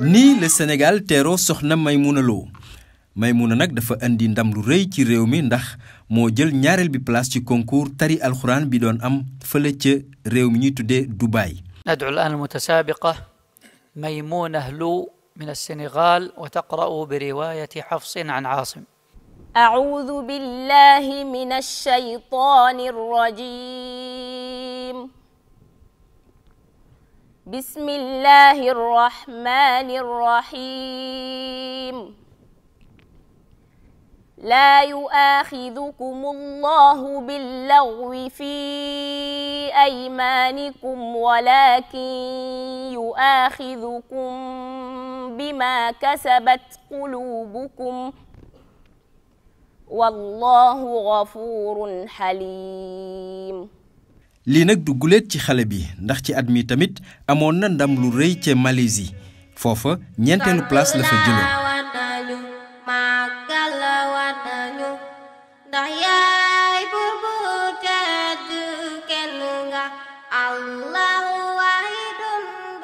ni le Sénégal téro soxna Maimouna Lo Maimouna nak dafa andi ndam lu reuy ci réew mi ndax mo jël ñaarel bi place ci concours tari alxuraan bi doon am fële ci réew mi ñuy tuddé Dubaï. ندعو الآن المتسابقة ميمونة لو من السنغال وتقرأ برواية حفص عن عاصم. أعوذ بالله من الشيطان الرجيم. بسم الله الرحمن الرحيم لا يؤاخذكم الله باللغو في أيمانكم ولكن يؤاخذكم بما كسبت قلوبكم والله غفور حليم lii nag du guléet ci xale bi ndax ci at mii tamit amoon na ndam lu rëy ca Malaisie foofa ñeenteelu place la fa jëloon.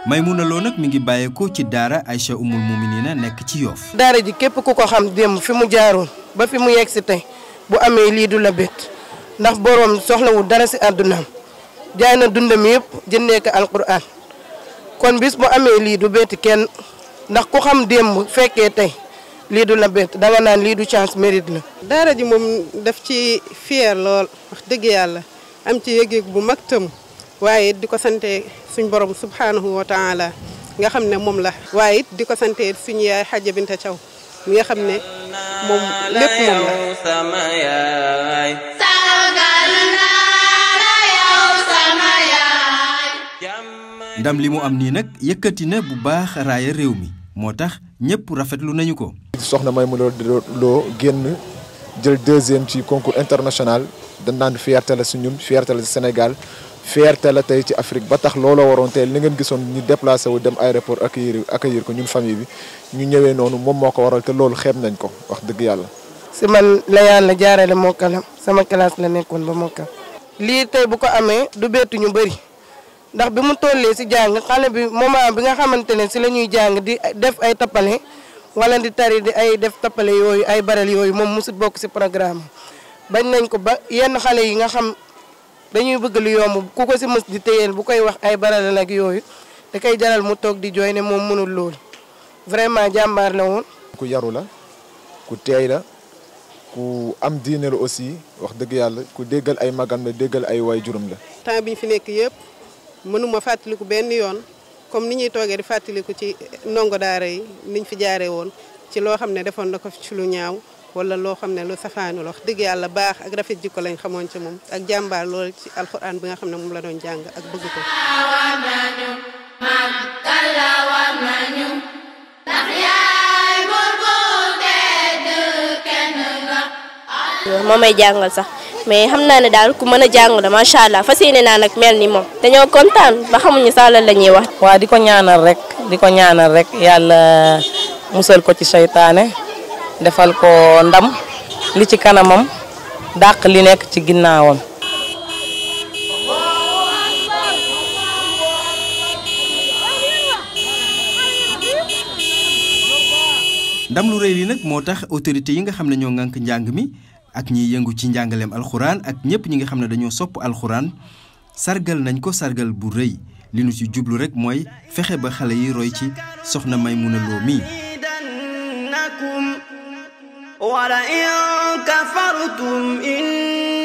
Maymuna Lo nag mi ngi bàyyeekoo ci daara Aïcha Umul Muminina nekk ci Yoff. daara ji képp ku ko xam démb fi mu jaaroon ba fi mu yegg si tey bu amee lii du la bett ndax boroom soxlawul dara si àddunaam jaay na dundam yëpp jëndee ko alquran kon bis bu amee lii du bett kenn ndax ku xam démb fekkee tey lii du la bett danga naan lii du chance mérite la. daara ji moom def ci fier lool wax dëgg yàlla am ci yëg-yëg bu mag tam waaye di ko sante suñ borom subhanahu wa taala nga xam ne moom la. waaye di ko sante suñu yaay Xaja Binta Thiaw nga xam ne moom lépp moom la. ndam li mu am nii nag yëkkati na bu baax raaya réew mi moo tax ñëpp rafetlu nañu ko. soxna Maimouna doo génn jël deuxième ci concours international dañ naan fierté la si ñun fierté la si Sénégal fierté la tey ci Afrique ba tax looloo waroon tey li ngeen gisoon ñu déplacé wu dem aéroport accueillir accueillir ko ñun famille bi ñu ñëwee noonu moom moo ko waral te loolu xeeb nañ ko wax dëgg yàlla. si man la yàlla jaarale mokkalam sama classe la nekkoon ba mokkal. lii tey ndax bi mu tollé si jang, xalé bi moment bi nga xamantene ci si jang di def ay tapalé wala di tari di ay def tapalé yoy ay baral yoy mom musu bok ci programme bañ nañ ko ba yenn xalé yi nga xam dañuy bëgg lu yom ku ko si mus di teyel bu koy wax ay baral nak yoy da kay jaral mu tok di jooy mom mënul lool vraiment jambar la won ku yaru la ku tey la ku am diine aussi wax deug yalla ku déggal ay magam la déggal ay waajuram la. temps bi fi nek yépp mënuma fàttaliku benn yoon comme ni ñuy toogee di fàttaliku ci ndongo daara yi niñ fi jaare woon ci loo xam ne defoon na ko ci lu ñaaw wala loo xam ne lu safaanu digg yàlla baax ak rafet jikko lañ xamoon ci moom ak jàmbaar lool ci alxuraan bi nga xam ne moom la doon jàng ak bëgg ko. moo may jàngal sax. mais xam naa ne daal ku mën a jàng la macha allah fas yéene naa nag mel ni moom dañoo kontaan ba xamuñu sax lan la ñuy wax. waaw di ko ñaanal rek di ko ñaanal rek yàlla musal ko ci seytaane defal ko ndam li ci kanamam dàq li nekk ci ginnaawam. ndam lu rëy li nag moo tax autorité yi nga xam ne ñoo ngànk njàng mi. ak ñi yëngu ci njàngaleem alxuraan ak ñëpp ñi nga xam ne dañoo sopp alxuraan sargal nañ ko sargal bu rëy li nu ci jublu rek mooy fexe ba xale yi roy ci soxna loo mii ولئن كفرتم إن